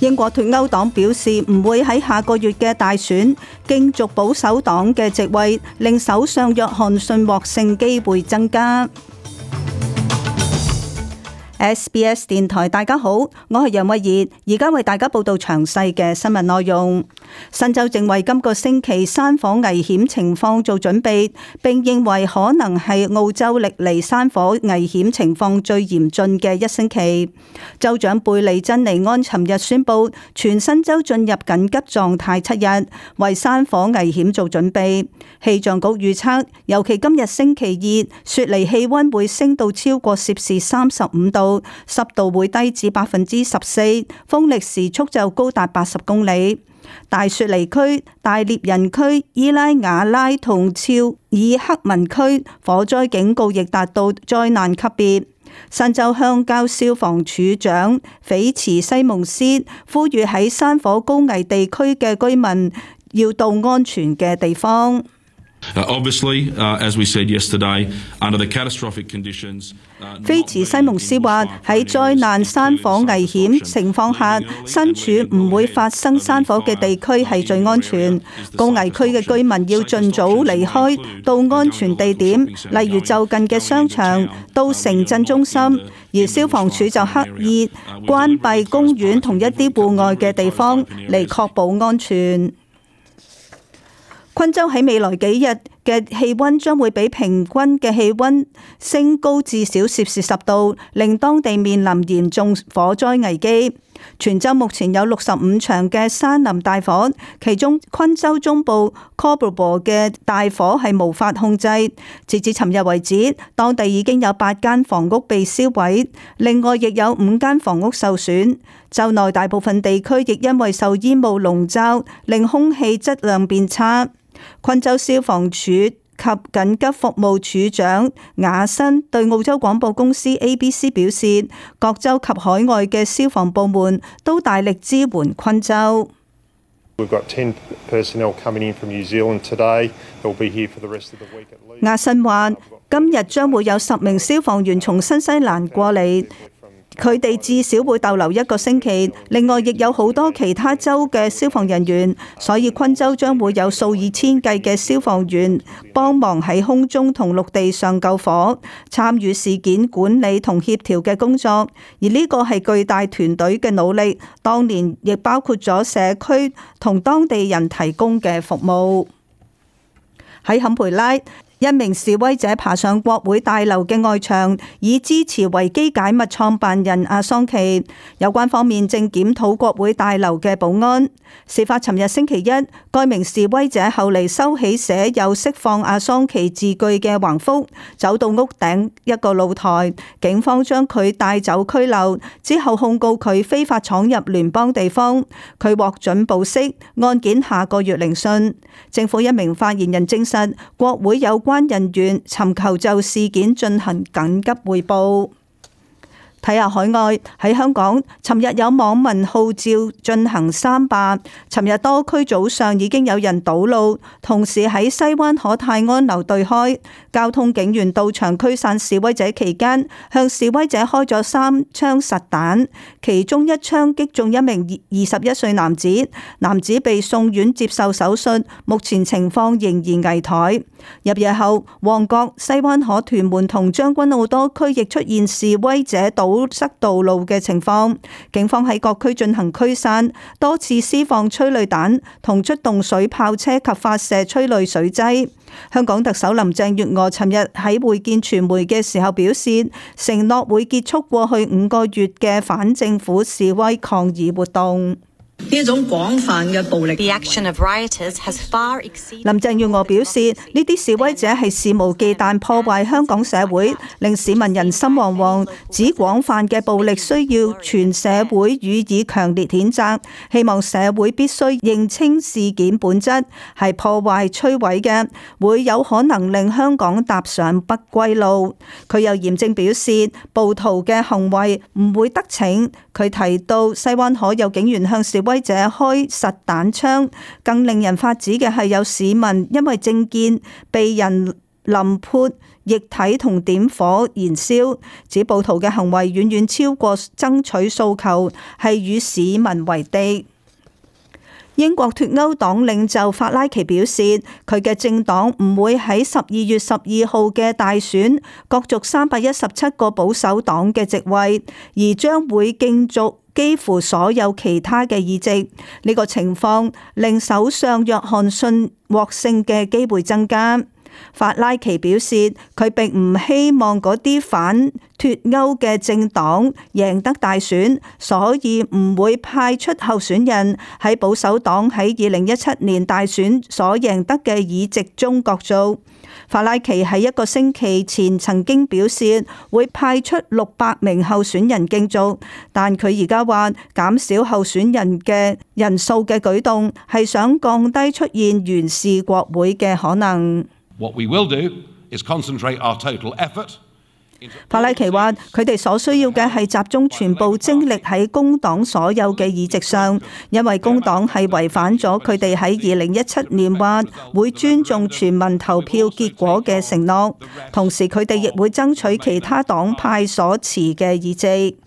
英國脫歐黨表示唔會喺下個月嘅大選，競逐保守黨嘅席位，令首相約翰遜獲勝機會增加。SBS 電台，大家好，我係楊慧儀，而家為大家報道詳細嘅新聞內容。新州正為今個星期山火危險情況做準備，並認為可能係澳洲歷嚟山火危險情況最嚴峻嘅一星期。州長貝利珍尼安尋日宣布，全新州進入緊急狀態七日，為山火危險做準備。氣象局預測，尤其今日星期二，雪梨氣溫會升到超過攝氏三十五度。濕度會低至百分之十四，風力時速就高達八十公里。大雪梨區、大獵人區、伊拉瓦拉同超爾克文區火災警告亦達到災難級別。新州鄉郊消防署長斐茨西蒙斯呼籲喺山火高危地區嘅居民要到安全嘅地方。Obviously, as we said yesterday, under the catastrophic conditions. 菲茨西蒙斯話：喺災難山火危險情況下，身處唔會發生山火嘅地區係最安全。高危區嘅居民要盡早離開，到安全地點，例如就近嘅商場，到城鎮中心。而消防署就刻意關閉公園同一啲戶外嘅地方，嚟確保安全。昆州喺未來幾日嘅氣温將會比平均嘅氣温升高至少攝氏十度，令當地面臨嚴重火災危機。全州目前有六十五場嘅山林大火，其中昆州中部 Cobraball 嘅大火係無法控制。截至尋日為止，當地已經有八間房屋被燒毀，另外亦有五間房屋受損。州內大部分地區亦因為受煙霧籠罩，令空氣質量變差。昆州消防處及緊急服務處長亞申對澳洲廣播公司 ABC 表示，各州及海外嘅消防部門都大力支援昆州。We've got 10 personnel coming in from New Zealand today. They'll be here for the rest of the week. 亞申話：今日將會有十名消防員從新西蘭過嚟。佢哋至少會逗留一個星期，另外亦有好多其他州嘅消防人員，所以昆州將會有數以千計嘅消防員幫忙喺空中同陸地上救火，參與事件管理同協調嘅工作。而呢個係巨大團隊嘅努力，當年亦包括咗社區同當地人提供嘅服務。喺坎培拉。一名示威者爬上國會大樓嘅外牆，以支持維基解密創辦人阿桑奇。有關方面正檢討國會大樓嘅保安。事發尋日星期一，該名示威者後嚟收起寫有釋放阿桑奇字句嘅橫幅，走到屋頂一個露台，警方將佢帶走拘留，之後控告佢非法闖入聯邦地方。佢獲准保釋，案件下個月聆訊。政府一名發言人證實，國會有。關人員尋求就事件進行緊急匯報。睇下海外喺香港，尋日有網民號召進行三罷。尋日多區早上已經有人堵路，同時喺西灣河泰安樓對開，交通警員到場驅散示威者期間，向示威者開咗三槍實彈，其中一槍擊中一名二十一歲男子，男子被送院接受手術，目前情況仍然危殆。入夜後，旺角、西灣河、屯門同將軍澳多區亦出現示威者堵塞道路嘅情況，警方喺各區進行驅散，多次施放催淚彈，同出動水炮車及發射催淚水劑。香港特首林鄭月娥尋日喺會見傳媒嘅時候表示，承諾會結束過去五個月嘅反政府示威抗議活動。呢一種廣泛嘅暴力，林鄭月娥表示，呢啲示威者係肆無忌憚破壞香港社會，令市民人心惶惶，指廣泛嘅暴力需要全社會予以強烈譴責，希望社會必須認清事件本質係破壞摧毀嘅，會有可能令香港踏上不歸路。佢又嚴正表示暴徒嘅行為唔會得逞。佢提到西灣河有警員向示，者開實彈槍，更令人髮指嘅係有市民因為政見，被人淋潑液體同點火燃燒，指暴徒嘅行為遠遠超過爭取訴求，係與市民為敵。英國脫歐黨領袖法拉奇表示，佢嘅政黨唔會喺十二月十二號嘅大選角逐三百一十七個保守黨嘅席位，而將會競逐幾乎所有其他嘅議席。呢個情況令首相約翰遜獲勝嘅機會增加。法拉奇表示，佢並唔希望嗰啲反脫歐嘅政黨贏得大選，所以唔會派出候選人喺保守黨喺二零一七年大選所贏得嘅議席中角逐。法拉奇喺一個星期前曾經表示會派出六百名候選人競逐，但佢而家話減少候選人嘅人數嘅舉動係想降低出現懸峙國會嘅可能。法拉奇話：佢哋所需要嘅係集中全部精力喺工黨所有嘅議席上，因為工黨係違反咗佢哋喺二零一七年話會尊重全民投票結果嘅承諾。同時，佢哋亦會爭取其他黨派所持嘅議席。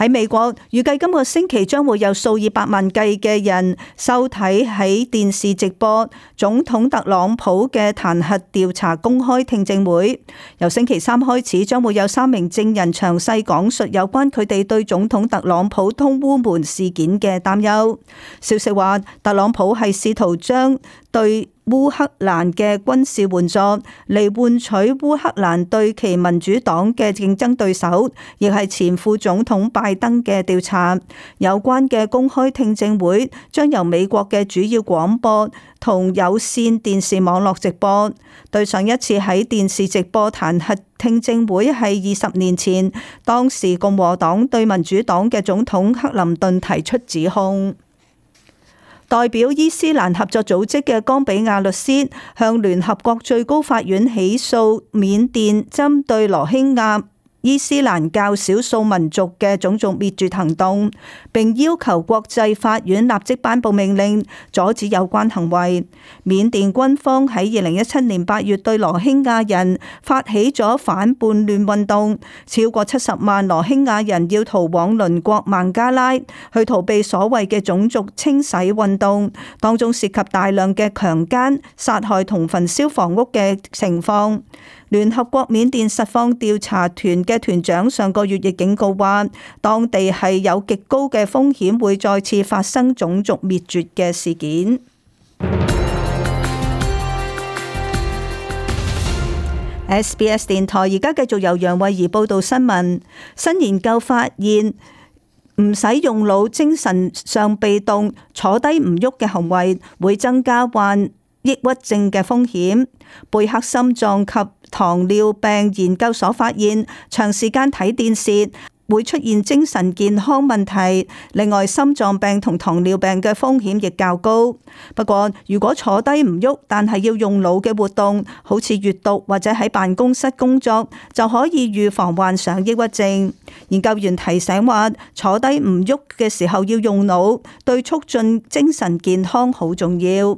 喺美國，預計今個星期將會有數以百萬計嘅人收睇喺電視直播總統特朗普嘅彈劾調查公開聽證會。由星期三開始，將會有三名證人詳細講述有關佢哋對總統特朗普通烏門事件嘅擔憂。消息話，特朗普係試圖將對烏克蘭嘅軍事援助，嚟換取烏克蘭對其民主黨嘅競爭對手，亦係前副總統拜登嘅調查有關嘅公開聽證會，將由美國嘅主要廣播同有線電視網絡直播。對上一次喺電視直播彈劾聽證會係二十年前，當時共和黨對民主黨嘅總統克林頓提出指控。代表伊斯蘭合作組織嘅岡比亞律師向聯合國最高法院起訴緬甸針對羅興亞。伊斯蘭教少數民族嘅種族滅絕行動，並要求國際法院立即頒布命令，阻止有關行為。緬甸軍方喺二零一七年八月對羅興亞人發起咗反叛亂運動，超過七十萬羅興亞人要逃往鄰國孟加拉，去逃避所謂嘅種族清洗運動，當中涉及大量嘅強姦、殺害同焚燒房屋嘅情況。聯合國緬甸實況調查團。嘅團長上個月亦警告話，當地係有極高嘅風險會再次發生種族滅絕嘅事件。SBS 電台而家繼續由楊慧怡報道新聞。新研究發現，唔使用腦、精神上被動、坐低唔喐嘅行為，會增加患抑鬱症嘅風險，貝克心臟及糖尿病研究所發現，長時間睇電視會出現精神健康問題。另外，心臟病同糖尿病嘅風險亦較高。不過，如果坐低唔喐，但係要用腦嘅活動，好似閱讀或者喺辦公室工作，就可以預防患上抑鬱症。研究員提醒話，坐低唔喐嘅時候要用腦，對促進精神健康好重要。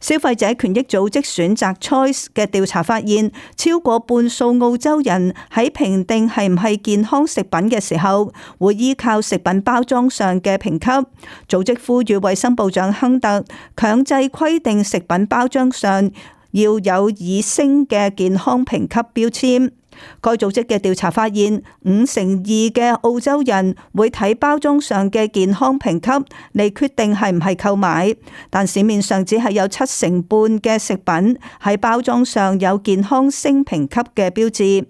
消費者權益組織選擇 choice 嘅調查發現，超過半數澳洲人喺評定係唔係健康食品嘅時候，會依靠食品包裝上嘅評級。組織呼籲衛生部長亨特強制規定食品包裝上要有以星嘅健康評級標籤。該組織嘅調查發現，五成二嘅澳洲人會睇包裝上嘅健康評級嚟決定係唔係購買，但市面上只係有七成半嘅食品喺包裝上有健康升評級嘅標誌。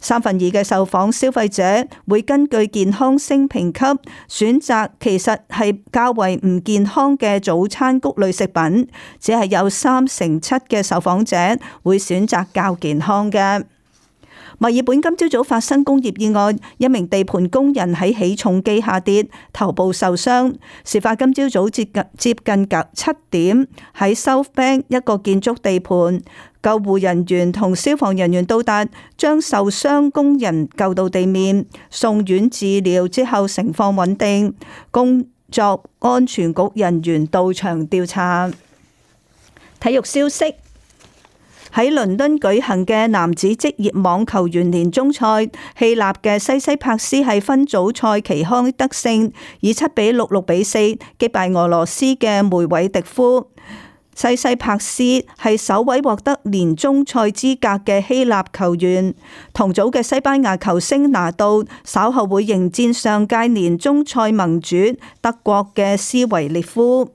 三分二嘅受訪消費者會根據健康升評級選擇其實係較為唔健康嘅早餐穀類食品，只係有三成七嘅受訪者會選擇較健康嘅。墨爾本今朝早發生工業意外，一名地盤工人喺起重機下跌，頭部受傷。事發今朝早接近接近七點，喺 Southbank 一個建築地盤，救護人員同消防人員到達，將受傷工人救到地面，送院治療之後，情況穩定。工作安全局人員到場調查。體育消息。喺倫敦舉行嘅男子職業網球員年終賽，希臘嘅西西帕斯係分組賽旗開得勝，以七比六六比四擊敗俄羅斯嘅梅維迪夫。西西帕斯係首位獲得年終賽資格嘅希臘球員。同組嘅西班牙球星拿度稍後會迎戰上屆年終賽盟主德國嘅斯維列夫。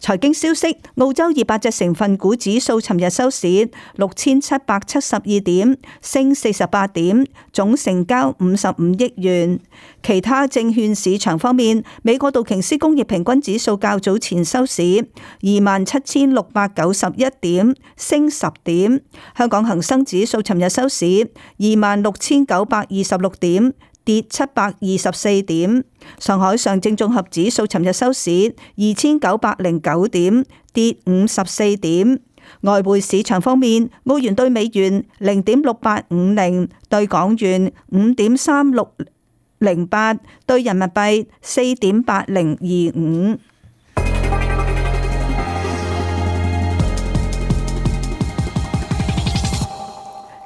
財經消息：澳洲二百隻成分股指數尋日收市六千七百七十二點，升四十八點，總成交五十五億元。其他證券市場方面，美國道瓊斯工業平均指數較早前收市二萬七千六百九十一點，升十點。香港恒生指數尋日收市二萬六千九百二十六點，跌七百二十四點，上海上證綜合指數尋日收市二千九百零九點，跌五十四點。外匯市場方面，澳元對美元零點六八五零，對港元五點三六零八，對人民幣四點八零二五。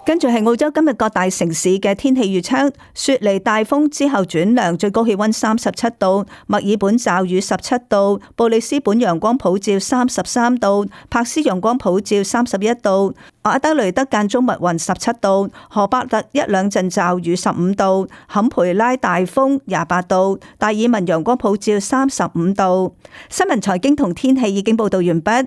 跟住係澳洲今日各大城市嘅天氣預測：雪梨大風之後轉涼，最高氣溫三十七度；墨爾本驟雨十七度；布里斯本陽光普照三十三度；帕斯陽光普照三十一度；阿德雷德間中密雲十七度；河伯特一兩陣驟雨十五度；坎培拉大風廿八度；達爾文陽光普照三十五度。新聞財經同天氣已經報道完畢。